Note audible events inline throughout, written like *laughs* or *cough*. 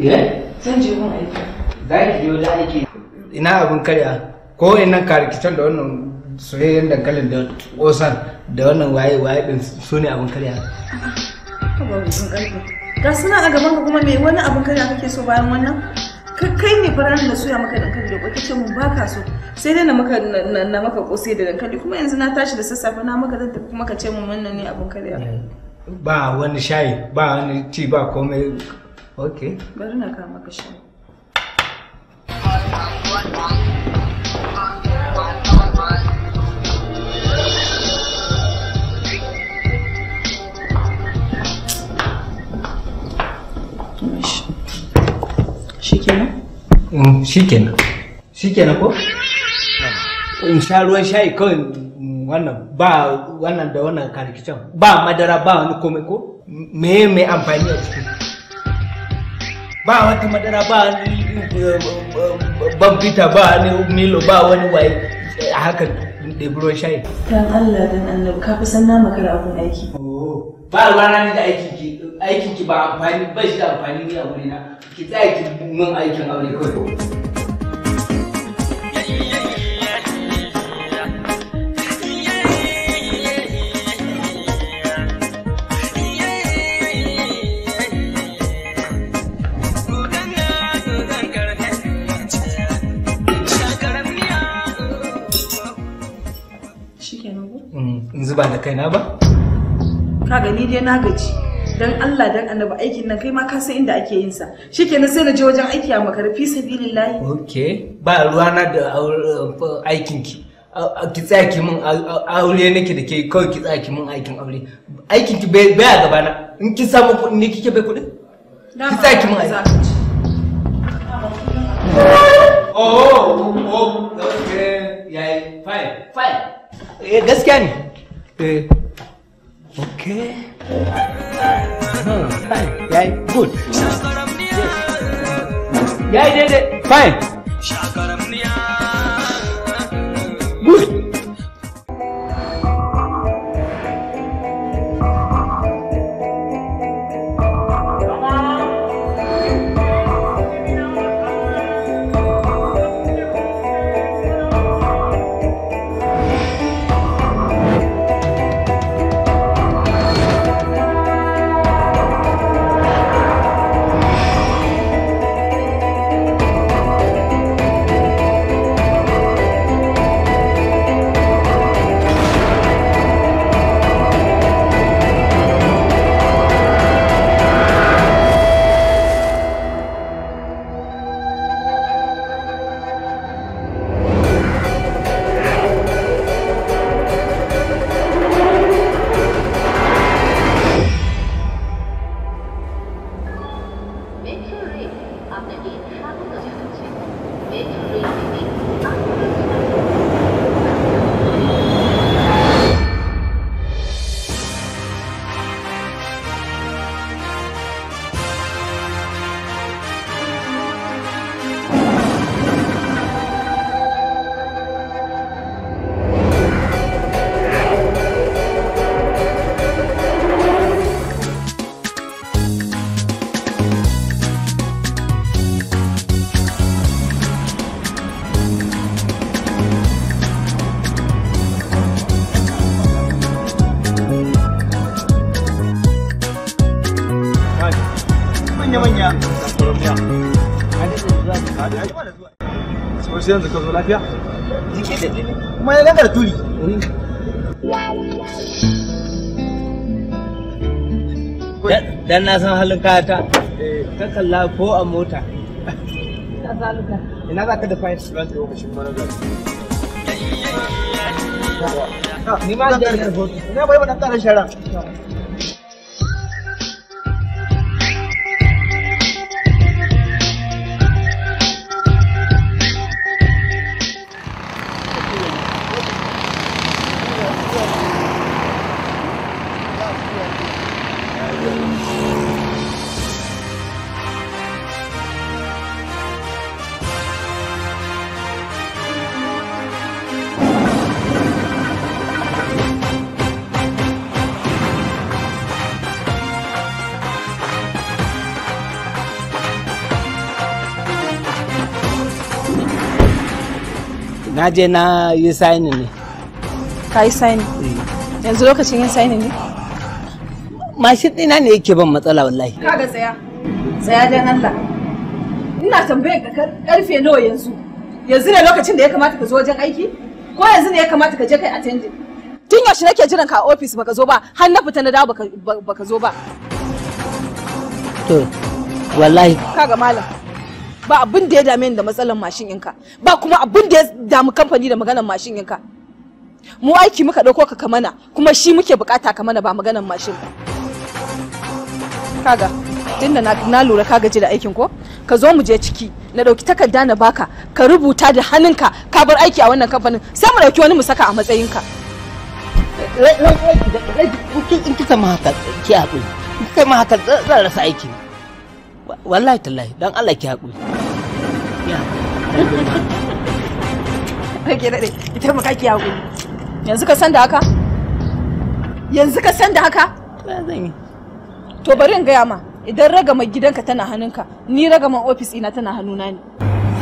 eh zan je gun aiki za ki je wajen aiki ina abin karya ko nan karikicin da wannan soyayyen dankalin da kosan da wannan waye waye din su ne abin karya ga suna a gaban ka kuma me wani abin karya kake so bayan wannan kai ne faranin da soya maka dankali da kwaki ce mun ka so sai dai na maka na maka kosai da dankali kuma yanzu na tashi da sassafe na maka zan tafi kuma ka ce mun wannan ne abin karya ba wani shayi ba wani ci ba komai ok bari na kama maka shi shikenan? Mm, shikenan shikenan ko? in sha ruwan shayi kawai mm, wannan ba wannan da wannan karikicin ba madara ba wani komai ko? me mai amfani a cikin ba wata madara ba ban fita, ba wani milo ba wani waye a hakan ɗebi shayi. Kan Allah dan Allah, ka fi san nama kar abun aiki. Oh, ba rana ne da aikin ki aikin ki ba amfani ba shi da amfani ne a wurina ki tsaya ki mun aikin aure kawai. kaina ba ka gani dai na gaji dan Allah dan annabi aikin nan kai ma ka san inda ake yin sa shikenan sai na je wajen aiki a makarfi sabilillahi okay ba ruwa na da aikin ki ki tsaya ki min aure nake da ke kawai ki tsaya ki min aikin aure aikin ki bai a gaba na in ki samu kuɗi ne kike bai kuɗi ki tsaya ki min aiki oh, oh oh okay yayi fine fine eh gaskiya ne T Okay no, Fine Yay Good Yay did it Fine Good sai yanzu ka zo lafiya Jike da kuma ya gangar tuli dan na san halin kaya ta. Eh, ka kalla ko a mota Ka zaluka. ina za ka da fayar su ranta lokacin zai. ni ma da ne. ina bai ba ta karar shara na je na yi sainin ne ka yi sainin eh. yanzu lokacin yin sainin ne mashin ɗina ne yake ban matsala wallahi Ka ga tsaya tsaya dan Allah ina tambayar ka karfe nawa yanzu yanzu ne lokacin da ya kamata ka zo wajen aiki ko yanzu ne ya kamata ka je kai attending tun yaushe nake jiran ka a office baka zo ba har na fita na dawo baka zo ba to wallahi kaga malam ba abin da ya dame ni da matsalar mashin ɗinka ba kuma abin da ya damu kamfani da maganar mashin ɗinka mu aiki muka ɗauko ka kamana kuma shi muke bukata kamana ba maganar mashin kaga tunda na, na lura ka gaji da aikin ko ka zo mu je ciki na ɗauki takarda na baka ka rubuta da hannunka ka bar aiki a wannan kamfanin sai mu ɗauki wani mu saka a matsayinka in kika ma haka ki haƙuri kai ma haka zan rasa aiki wallahi tallahi dan Allah ki haƙuri kake dade ita maka ki haƙuri yanzu ka san da haka yanzu ka san da haka to bari in gaya ma idan ragama gidanka tana hannunka ni ragama ofis ina tana hannuna ne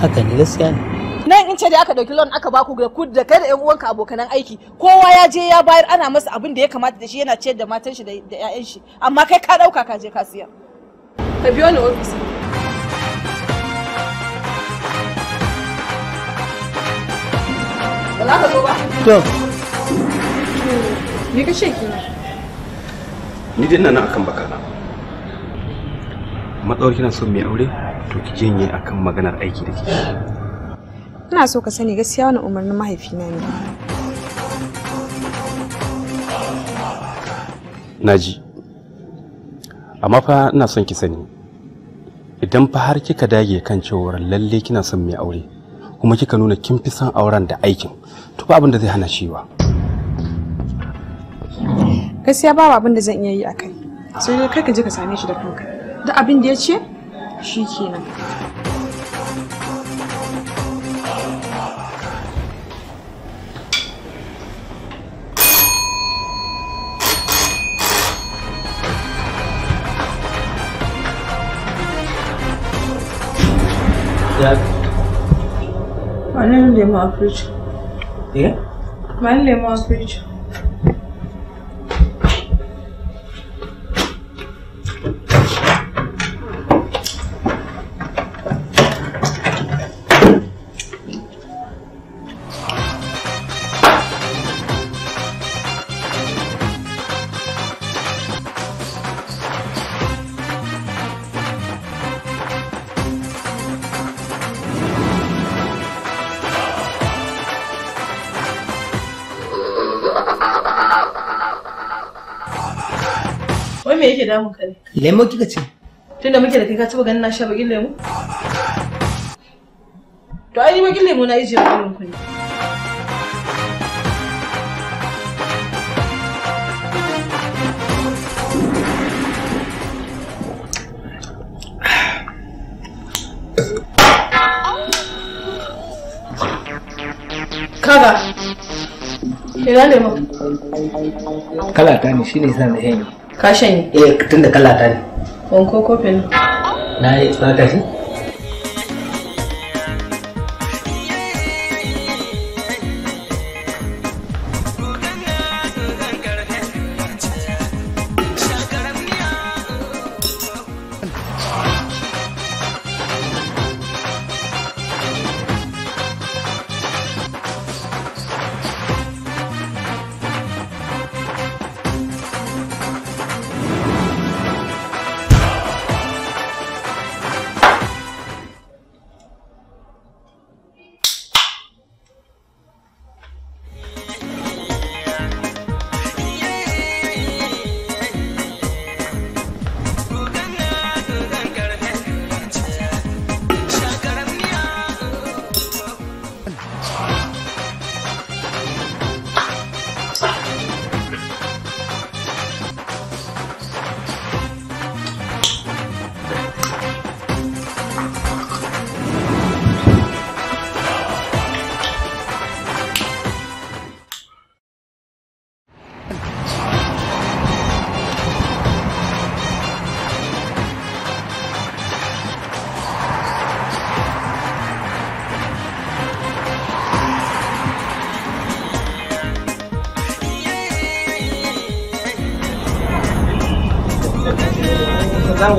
haka ne gaskiya ne nan in ce da aka dauki loan aka baku da ku da kai da yan uwanka abokanan aiki kowa ya je ya bayar ana masa abin da ya kamata da shi yana ciyar da matan shi da ƴaƴan shi amma kai ka dauka ka je ka siya ka biyo ni ofis ba za ka zo ba to ni dai ina akan bakana matsawar kina son mai aure to ki akan maganar aiki da kike ina so ka sani gaskiya wani umarnin mahaifina ne naji amma fa ina son ki sani idan fa har kika dage kan cewar lalle kina son mai aure kuma kika nuna kin fi son auren da aikin to ba abin da zai hana shiwa gaskiya ba abin da zan iya yi akai sai dai kai ka je ka same shi da kanka duk abin da ya ce shikenan मैंने लेमा fridge ठीक है मैंने लेमा fridge me yake damun ka ne? Lemo kika ce? Tunda muke da kai ka taba ganin na sha bakin lemo? To ai bakin lemo na ijiye ku ne. Kaga, ina Kala ta ne shi ne sa na ka shanye eh tun da kallata ne wanko kofin na yi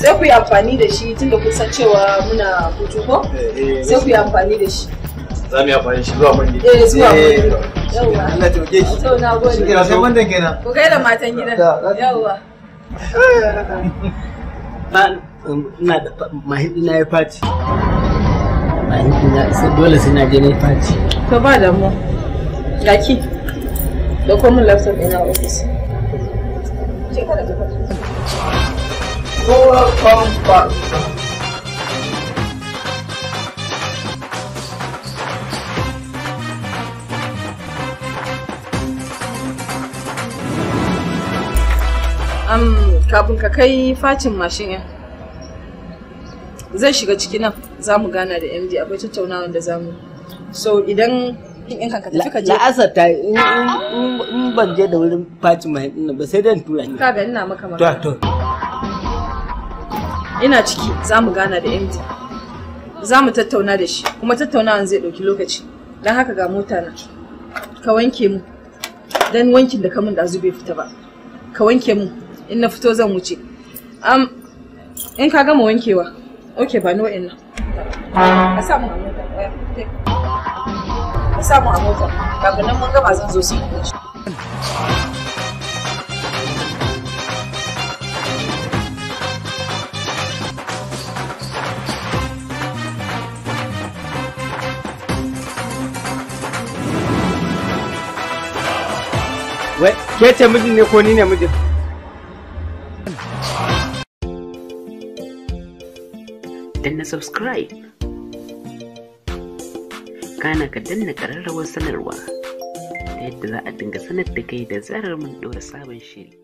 sai ku yi amfani da shi tun da kusa cewa muna hutu ko eh, eh, sai ku yi amfani da shi za mu yi amfani shi zuwa mun eh zuwa eh, mun yawa Allah ta oke shi to na gode shi kira sai wannan kenan ku kai da matan gidan yawa ina *laughs* um, da mahidina ya faci mahidina dole sai na je na faci to ba da mu gaki da kuma laptop ina office shekara da Lula Compact. Um, kafin ka kai facin mashin yan zai shiga ciki nan za mu gana da md akwai tattaunawa da za mu so idan in tafi ka je la'asar ta in ban je da wurin facin mashin ba sai dan tura ni ga ina maka magana to to ina ciki za mu gana da MD. Za mu tattauna da shi, kuma tattaunawan zai ɗauki lokaci. Don haka ga mota na. Ka wanke mu. Dan wankin da kamun da bai fita ba. Ka wanke mu. In na fito zan wuce. Am in ka gama wankewa. Ok ba nau'in nan. Ka sa mu a mota. Ka sa mu a mota. Kafin nan mun gama zan zo su yi Ke ce mijin ne ko ni ne mijin? Danna subscribe. Kana ka danna kararrawar sanarwa ta yadda za a dinga sanar da kai da zarar mun ɗora sabon shiri.